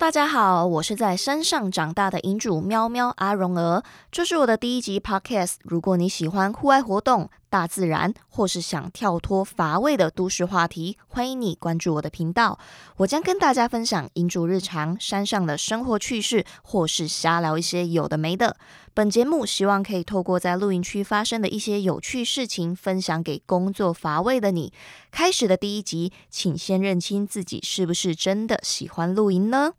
大家好，我是在山上長大的營主喵喵阿蓉兒，這是我的第一集 podcast。如果你喜歡戶外活動、大自然，或是想跳脫乏味的都市話題，歡迎你關注我的頻道。我將跟大家分享營主日常、山上的生活趣事，或是瞎聊一些有的沒的。本節目希望可以透過在露營區發生的一些有趣事情，分享給工作乏味的你。開始的第一集，請先認清自己是不是真的喜歡露營呢？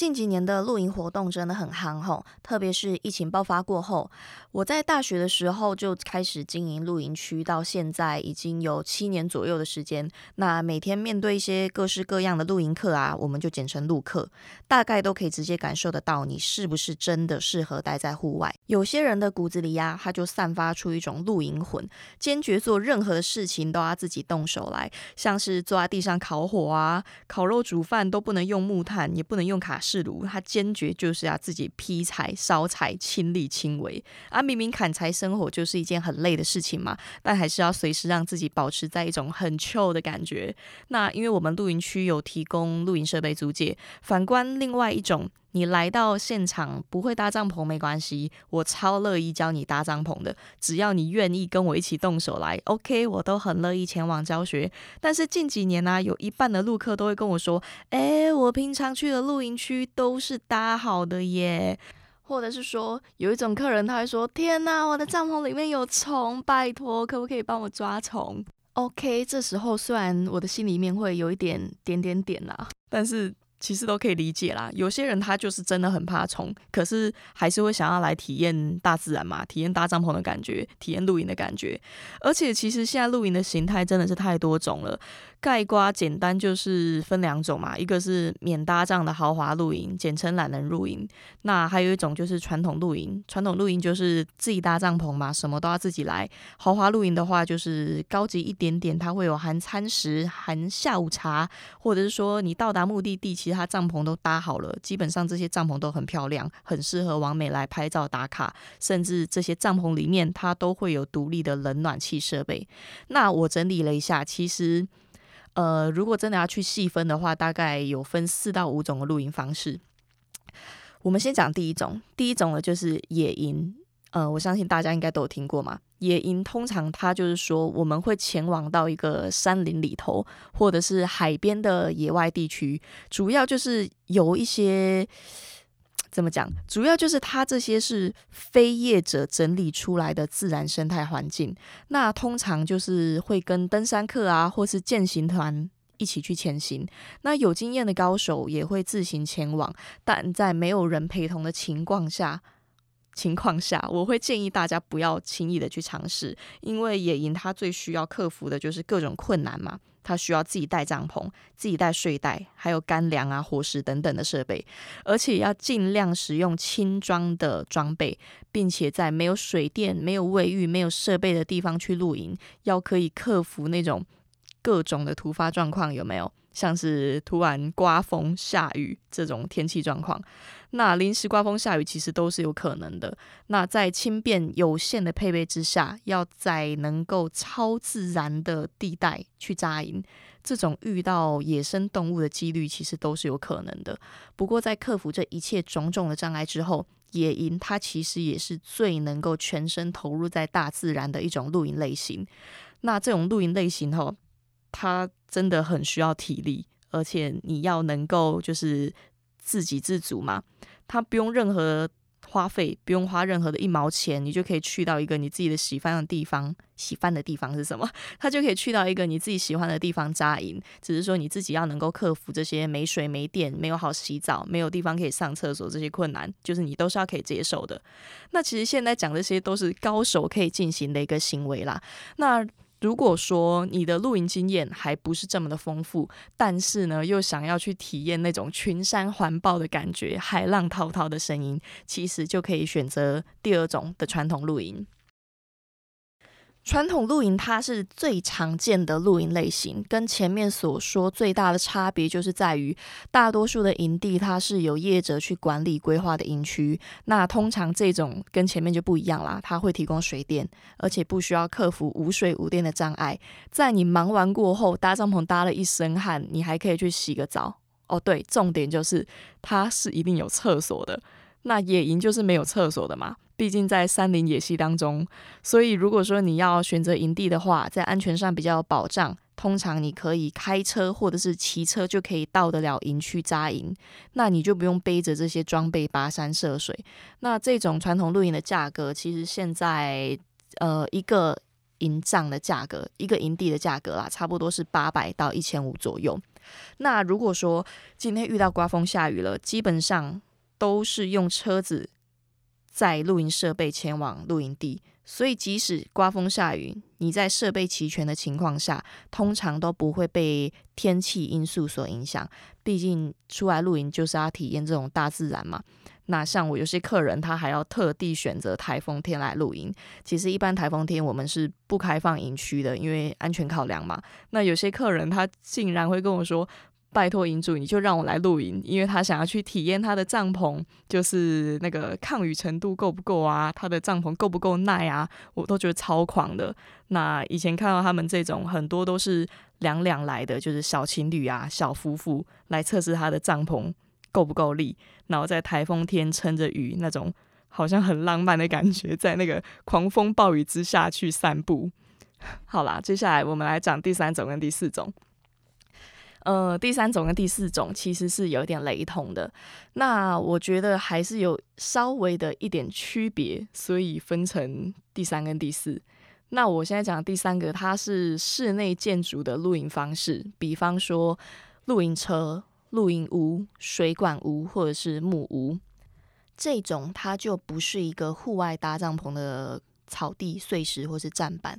近幾年的露營活動真的很夯吼，特別是疫情爆發過後，我在大學的時候就開始經營露營區，到現在已經有七年左右的時間。那每天面對一些各式各樣的露營客啊，我們就簡稱露客，大概都可以直接感受得到你是不是真的適合待在戶外。有些人的骨子裡呀、啊，他就散發出一種露營魂，堅決做任何事情都要自己動手來，像是坐在地上烤火啊、烤肉煮飯都不能用木炭，也不能用卡是如他堅決就是要自己劈柴燒柴，親力親為啊！明明砍柴生火就是一件很累的事情嘛，但還是要隨時讓自己保持在一種很 chill 的感覺。那因為我們露營區有提供露營設備租借，反觀另外一種。你來到現場不會搭帳篷沒關係，我超樂意教你搭帳篷的，只要你願意跟我一起動手來，OK，我都很樂意前往教學。但是近幾年呢、啊，有一半的露客都會跟我說：“哎、欸，我平常去的露營區都是搭好的耶。”或者是說，有一種客人他會說：“天哪、啊，我的帳篷裡面有蟲，拜託，可不可以幫我抓蟲？”OK，這時候雖然我的心裡面會有一點點點點啦、啊，但是。其實都可以理解啦，有些人他就是真的很怕蟲，可是還是會想要來體驗大自然嘛，體驗搭帳篷的感覺，體驗露營的感覺，而且其實現在露營的形態真的是太多種了。概括簡單就是分兩種嘛，一個是免搭帳的豪華露營，簡稱懶人露營。那還有一種就是傳統露營，傳統露營就是自己搭帳篷嘛，什麼都要自己來。豪華露營的話就是高級一點點，它會有含餐食、含下午茶，或者是說你到達目的地，其他帳篷都搭好了，基本上這些帳篷都很漂亮，很適合網美來拍照打卡。甚至這些帳篷裡面它都會有獨立的冷暖氣設備。那我整理了一下，其實。呃，如果真的要去細分的話，大概有分四到五種的露營方式。我們先講第一種，第一種呢就是野營。呃，我相信大家應該都有聽過嘛。野營通常它就是說我們會前往到一個山林裡頭，或者是海邊的野外地區，主要就是有一些。怎麼講？主要就是他這些是非業者整理出來的自然生態環境，那通常就是會跟登山客啊，或是健行團一起去前行。那有經驗的高手也會自行前往，但在沒有人陪同的情況下，情況下，我會建議大家不要輕易的去嘗試，因為野營他最需要克服的就是各種困難嘛。他需要自己帶帳篷，自己帶睡袋，還有乾糧啊、伙食等等的設備，而且要盡量使用輕裝的裝備，並且在沒有水電、沒有衛浴、沒有設備的地方去露營，要可以克服那種各種的突發狀況，有沒有？像是突然颳風下雨這種天氣狀況，那臨時颳風下雨其實都是有可能的。那在輕便有限的配備之下，要在能夠超自然的地帶去紮營，這種遇到野生動物的幾率其實都是有可能的。不過在克服這一切種種的障礙之後，野營它其實也是最能夠全身投入在大自然的一種露營類型。那這種露營類型吼、哦，它。真的很需要體力，而且你要能夠就是自給自足嘛。他不用任何花費，不用花任何的一毛錢，你就可以去到一個你自己的喜歡的地方。喜歡的地方是什麼？他就可以去到一個你自己喜歡的地方扎營。只是說你自己要能夠克服這些沒水、沒電、沒有好洗澡、沒有地方可以上廁所這些困難，就是你都是要可以接受的。那其實現在講這些都是高手可以進行的一個行為啦。那。如果說你的露營經驗還不是這麼的豐富，但是呢又想要去體驗那種群山環抱的感覺、海浪滔滔的聲音，其實就可以選擇第二種的傳統露營。傳統露營它是最常見的露營類型，跟前面所說最大的差別就是在於，大多數的營地它是由業者去管理規劃的營區。那通常這種跟前面就不一樣啦，它會提供水電，而且不需要克服無水無電的障礙。在你忙完過後搭帳篷搭了一身汗，你還可以去洗個澡。哦，對，重點就是它是一定有廁所的。那野營就是沒有廁所的嘛。畢竟在山林野溪當中，所以如果說你要選擇營地的話，在安全上比較有保障。通常你可以開車或者是騎車就可以到得了營區紮營，那你就不用背着這些裝備跋山涉水。那這種傳統露營的價格，其實現在呃一個營帳的價格，一個營地的價格啦，差不多是八百到一千五左右。那如果說今天遇到颳風下雨了，基本上都是用車子。在露營設備前往露營地，所以即使颳風下雨，你在設備齊全的情況下，通常都不會被天氣因素所影響。畢竟出來露營就是要體驗這種大自然嘛。那像我有些客人，他還要特地選擇颱風天來露營。其實一般颱風天我們是不開放營區的，因為安全考量嘛。那有些客人他竟然會跟我說，拜託，營主你就讓我來露營，因為他想要去體驗他的帳篷，就是那個抗雨程度夠不夠啊？他的帳篷夠不夠耐啊？我都覺得超狂的。那以前看到他們這種，很多都是兩兩來的，就是小情侶啊、小夫婦來測試他的帳篷夠不夠力，然後在台風天撐着雨那種，好像很浪漫的感覺，在那個狂風暴雨之下去散步。好啦，接下來我們來講第三種跟第四種。呃，第三種跟第四種其實是有點雷同的，那我覺得還是有稍微的一點區別，所以分成第三跟第四。那我現在講的第三個，它是室內建築的露營方式，比方說露營車、露營屋、水管屋或者是木屋，這種它就不是一個戶外搭帳篷的草地、碎石或是棧板，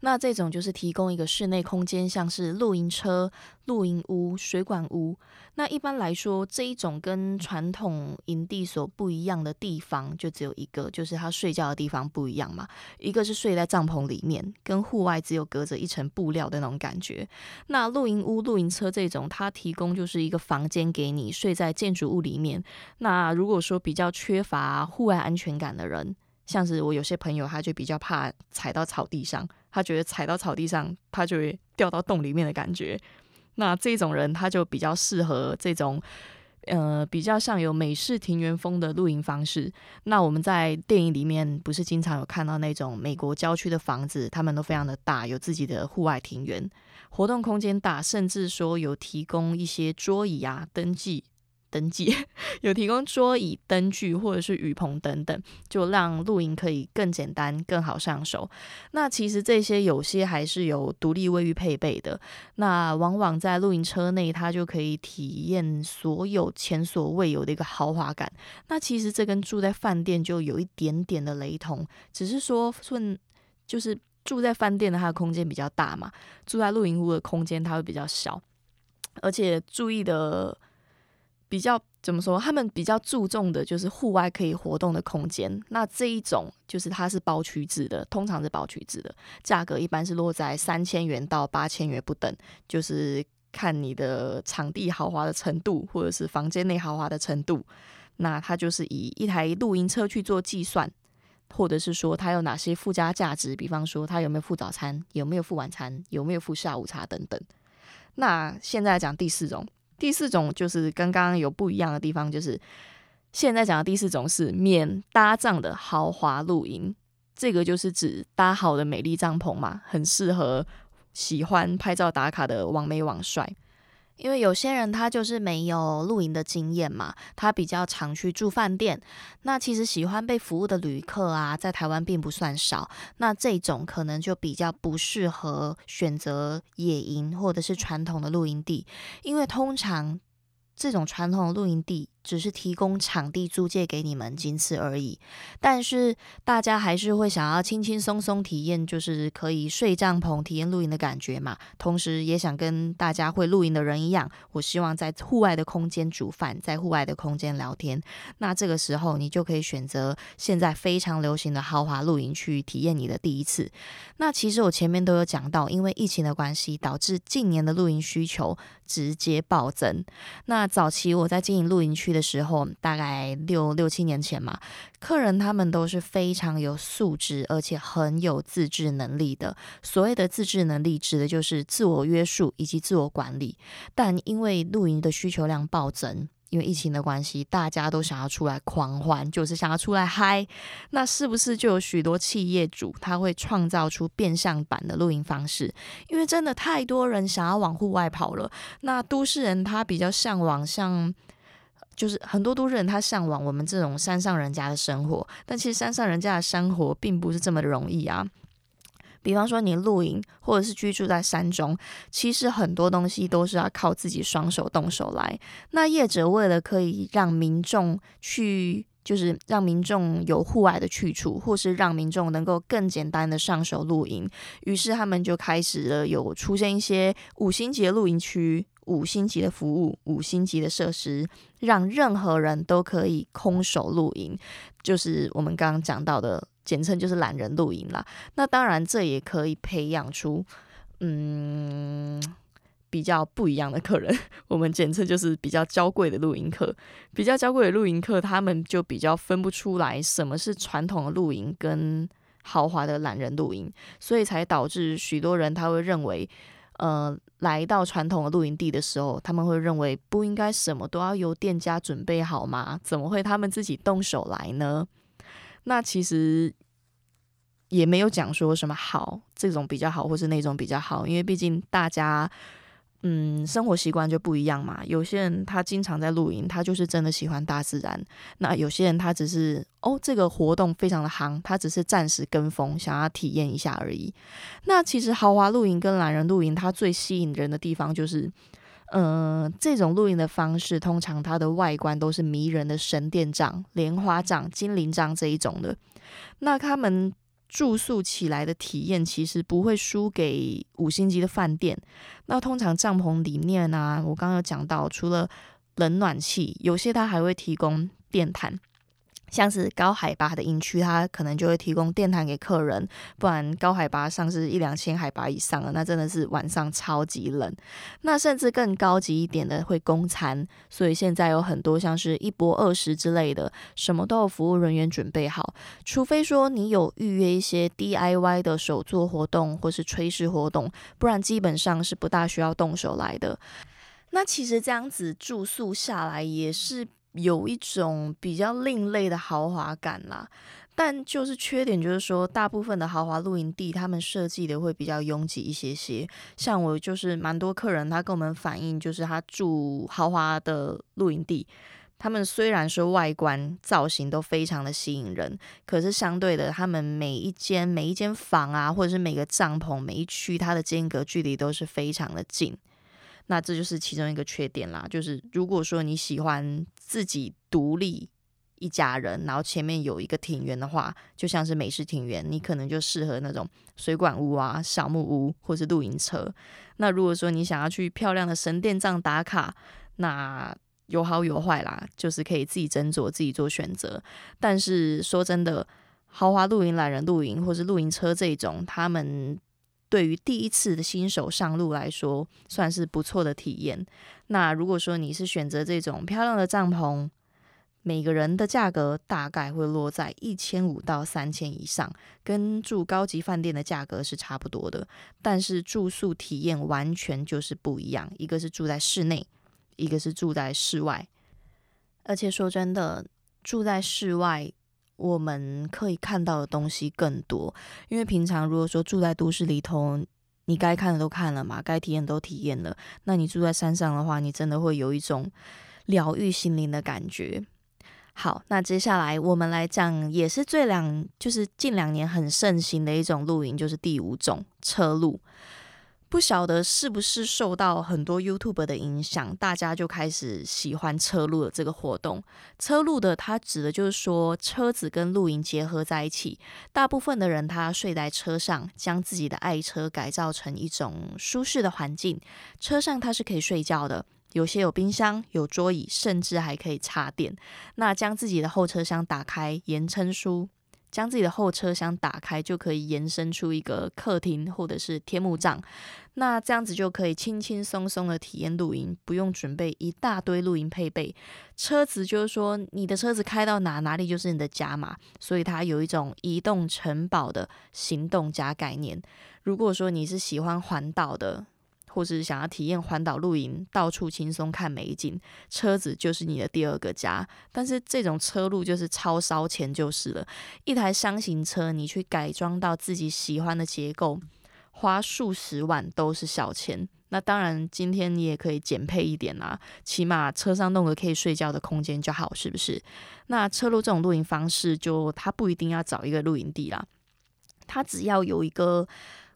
那這種就是提供一個室內空間，像是露營車、露營屋、水管屋。那一般來說，這一種跟傳統營地所不一樣的地方，就只有一個，就是他睡覺的地方不一樣嘛。一個是睡在帳篷裡面，跟戶外只有隔着一層布料的那種感覺。那露營屋、露營車這種，它提供就是一個房間給你睡在建築物裡面。那如果說比較缺乏戶外安全感的人，像是我有些朋友，他就比較怕踩到草地上，他覺得踩到草地上，他就會掉到洞裡面的感覺。那這種人，他就比較適合這種，呃，比較像有美式庭園風的露營方式。那我們在電影裡面不是經常有看到那種美國郊區的房子，他們都非常的大，有自己的戶外庭園，活動空間大，甚至說有提供一些桌椅啊、燈具。登記有提供桌椅、燈具或者是雨棚等等，就讓露營可以更簡單、更好上手。那其實這些有些還是有獨立衛浴配備的。那往往在露營車內，它就可以體驗所有前所未有的一個豪華感。那其實這跟住在飯店就有一點點的雷同，只是說住就是住在飯店的它的空間比較大嘛，住在露營屋的空間它會比較小，而且注意的。比較怎麼說？他們比較注重的就是戶外可以活動的空間。那這一種就是它是包區制的，通常是包區制的，價格一般是落在三千元到八千元不等，就是看你的場地豪華的程度，或者是房間內豪華的程度。那它就是以一台露營車去做計算，或者是說它有哪些附加價值，比方說它有沒有附早餐，有沒有附晚餐，有沒有附下午茶等等。那現在來講第四種。第四種就是跟剛剛有不一樣的地方，就是現在講的第四種是免搭帳的豪華露營，這個就是指搭好的美麗帳篷嘛，很適合喜歡拍照打卡的網美網帥。因為有些人他就是沒有露營的經驗嘛，他比較常去住飯店。那其實喜歡被服務的旅客啊，在台灣並不算少。那這種可能就比較不適合選擇野營或者是傳統的露營地，因為通常這種傳統的露營地。只是提供場地租借給你們，僅此而已。但是大家還是會想要輕輕鬆鬆體驗，就是可以睡帳篷、體驗露營的感覺嘛。同時也想跟大家會露營的人一樣，我希望在戶外的空間煮飯，在戶外的空間聊天。那這個時候，你就可以選擇現在非常流行的豪華露營去體驗你的第一次。那其實我前面都有講到，因為疫情的關係，導致近年的露營需求直接暴增。那早期我在經營露營區。的時候，大概六六七年前嘛，客人他們都是非常有素質，而且很有自制能力的。所謂的自制能力，指的就是自我約束以及自我管理。但因為露營的需求量暴增，因為疫情的關係，大家都想要出來狂歡，就是想要出來嗨。那是不是就有許多企業主他會創造出變相版的露營方式？因為真的太多人想要往戶外跑了。那都市人他比較嚮往像。就是很多都市人他嚮往我們這種山上人家的生活，但其實山上人家的生活並不是這麼容易啊。比方說你露營或者是居住在山中，其實很多東西都是要靠自己雙手動手來。那業者為了可以讓民眾去，就是讓民眾有戶外的去處，或是讓民眾能夠更簡單的上手露營，於是他們就開始了有出現一些五星級的露營區。五星級的服務，五星級的設施，讓任何人都可以空手露營，就是我們剛剛講到的，簡稱就是懶人露營啦。那當然，這也可以培養出，嗯，比較不一樣的客人。我們簡稱就是比較嬌貴的露營客，比較嬌貴的露營客，他們就比較分不出來什麼是傳統的露營跟豪華的懶人露營，所以才導致許多人他會認為。呃，來到傳統的露營地的時候，他們會認為不應該什麼都要由店家準備好嗎？怎麼會他們自己動手來呢？那其實也沒有講說什麼好，這種比較好，或是那種比較好，因為畢竟大家。嗯，生活習慣就不一樣嘛。有些人他經常在露營，他就是真的喜歡大自然。那有些人他只是哦，這個活動非常的夯，他只是暫時跟風，想要體驗一下而已。那其實豪華露營跟懶人露營，它最吸引人的地方就是，嗯、呃，這種露營的方式，通常它的外觀都是迷人的神殿帳、蓮花帳、精靈帳這一種的。那他們。住宿起來的體驗其實不會輸給五星級的飯店。那通常帳篷裡面呢，我剛剛有講到，除了冷暖氣，有些它還會提供電毯。像是高海拔的營區，它可能就會提供電毯給客人，不然高海拔上是一兩千海拔以上的，那真的是晚上超級冷。那甚至更高級一點的會供餐，所以現在有很多像是一泊二食之類的，什麼都有服務人員準備好。除非說你有預約一些 DIY 的手作活動或是炊事活動，不然基本上是不大需要動手來的。那其實這樣子住宿下來也是。有一種比較另類的豪華感啦，但就是缺點就是說，大部分的豪華露營地他們設計的會比較擁擠一些些。像我就是蠻多客人，他跟我們反映就是他住豪華的露營地，他們雖然說外觀造型都非常的吸引人，可是相對的，他們每一間每一間房啊，或者是每個帳篷每一區，它的間隔距離都是非常的近。那這就是其中一個缺點啦，就是如果說你喜歡。自己獨立一家人，然後前面有一個庭園的話，就像是美式庭園，你可能就適合那種水管屋啊、小木屋或是露營車。那如果說你想要去漂亮的神殿帳打卡，那有好有壞啦，就是可以自己斟酌自己做選擇。但是說真的，豪華露營、懶人露營或是露營車這一種，他們。對於第一次的新手上路來說，算是不錯的體驗。那如果說你是選擇這種漂亮的帳篷，每個人的價格大概會落在一千五到三千以上，跟住高級飯店的價格是差不多的。但是住宿體驗完全就是不一樣，一個是住在室內，一個是住在室外。而且說真的，住在室外，我們可以看到的東西更多，因為平常如果說住在都市裡頭，你該看的都看了嘛，該體驗都體驗了，那你住在山上的話，你真的會有一種療癒心靈的感覺。好，那接下來我們來講，也是最兩就是近兩年很盛行的一種露營，就是第五種車露。不曉得是不是受到很多 YouTuber 的影響，大家就開始喜歡車露的這個活動。車露的，它指的就是說車子跟露營結合在一起。大部分的人他睡在車上，將自己的愛車改造成一種舒適的環境。車上它是可以睡覺的，有些有冰箱、有桌椅，甚至還可以插電。那將自己的後車廂打開，延伸出。將自己的後車廂打開，就可以延伸出一個客廳或者是天幕帳，那這樣子就可以輕輕鬆鬆的體驗露營，不用準備一大堆露營配備。車子就是說，你的車子開到哪哪裡就是你的家嘛，所以它有一種移動城堡的行動家概念。如果說你是喜歡環島的。或是想要體驗環島露營，到處輕鬆看美景，車子就是你的第二個家。但是這種車路就是超燒錢就是了。一台箱型車，你去改裝到自己喜歡的結構，花數十萬都是小錢。那當然，今天你也可以減配一點啊，起碼車上弄個可以睡覺的空間就好，是不是？那車路這種露營方式就，就它不一定要找一個露營地啦，它只要有一個。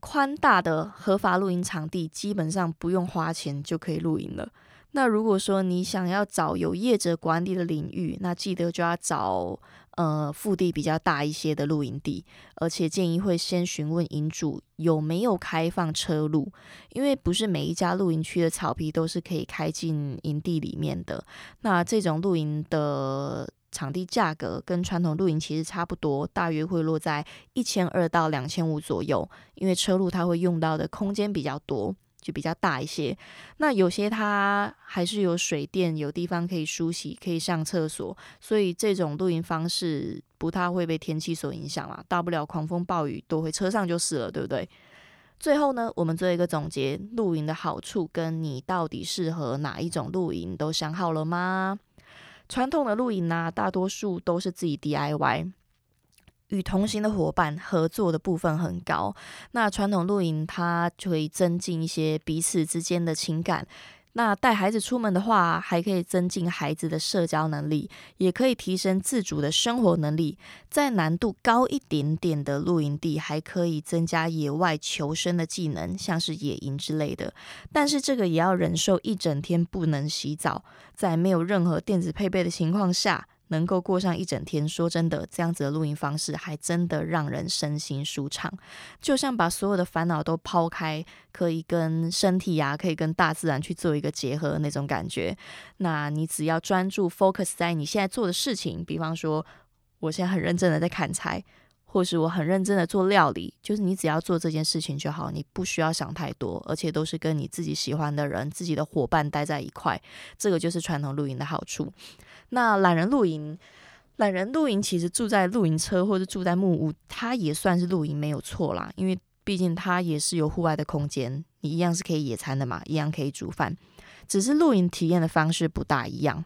寬大的合法露營場地，基本上不用花錢就可以露營了。那如果說你想要找有業者管理的領域，那記得就要找呃腹地比較大一些的露營地，而且建議會先詢問營主有沒有開放車路，因為不是每一家露營區的草皮都是可以開進營地裡面的。那這種露營的。場地價格跟傳統露營其實差不多，大約會落在一千二到兩千五左右。因為車露它會用到的空間比較多，就比較大一些。那有些它還是有水電，有地方可以梳洗，可以上廁所。所以這種露營方式不太會被天氣所影響啦，大不了狂風暴雨躲回車上就是了，對不對？最後呢，我們做一個總結，露營的好處跟你到底適合哪一種露營，都想好了嗎？傳統的露營呢，大多數都是自己 DIY，與同行的夥伴合作的部分很高。那傳統露營，它就會增進一些彼此之間的情感。那帶孩子出門的話，還可以增進孩子的社交能力，也可以提升自主的生活能力。在難度高一點點的露營地，還可以增加野外求生的技能，像是野營之類的。但是這個也要忍受一整天不能洗澡，在沒有任何電子配備的情況下。能夠過上一整天，說真的，這樣子的露營方式還真的讓人身心舒暢，就像把所有的煩惱都拋開，可以跟身體呀、啊，可以跟大自然去做一個結合的那種感覺。那你只要專注 focus 在你現在做的事情，比方說，我現在很認真的在砍柴。或是我很認真的做料理，就是你只要做這件事情就好，你不需要想太多，而且都是跟你自己喜歡的人、自己的夥伴待在一塊，這個就是傳統露營的好處。那懶人露營，懶人露營其實住在露營車或者住在木屋，它也算是露營沒有錯啦，因為畢竟它也是有戶外的空間，你一樣是可以野餐的嘛，一樣可以煮飯，只是露營體驗的方式不大一樣。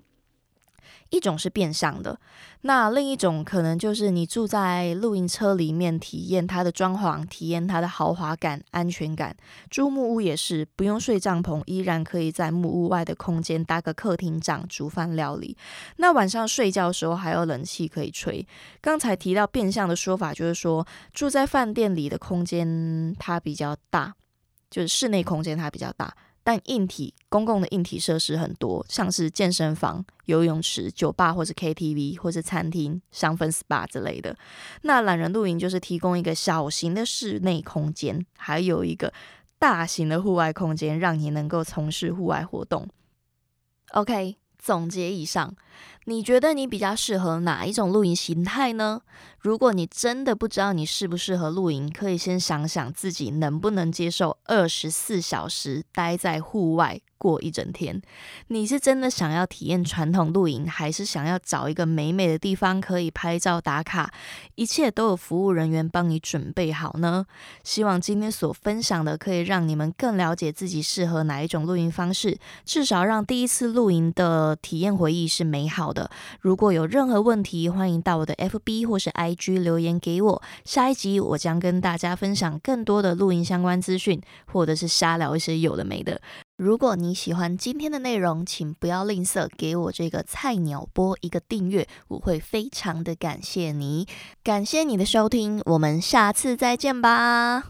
一種是變相的，那另一種可能就是你住在露營車裡面，體驗它的裝潢，體驗它的豪華感、安全感。住木屋也是，不用睡帳篷，依然可以在木屋外的空間搭個客廳帳，煮飯料理。那晚上睡覺的時候還有冷氣可以吹。剛才提到變相的說法，就是說住在飯店裡的空間它比較大，就是室內空間它比較大。但硬體公共的硬體設施很多，像是健身房、游泳池、酒吧或是 KTV，或是餐廳、香氛 SPA 之類的。那懶人露營就是提供一個小型的室內空間，還有一個大型的戶外空間，讓你能夠從事戶外活動。OK，總結以上，你覺得你比較適合哪一種露營形態呢？如果你真的不知道你適不適合露營，可以先想想自己能不能接受二十四小時待在戶外過一整天。你是真的想要體驗傳統露營，還是想要找一個美美的地方可以拍照打卡，一切都有服務人員幫你準備好呢？希望今天所分享的可以讓你們更了解自己適合哪一種露營方式，至少讓第一次露營的體驗回憶是美好的。如果有任何問題，歡迎到我的 FB 或是 IG。留言給我，下一集我將跟大家分享更多的露營相關資訊，或者是瞎聊一些有的沒的。如果你喜歡今天的內容，請不要吝嗇給我這個菜鳥播一個訂閱，我會非常的感謝你。感謝你的收聽，我們下次再見吧。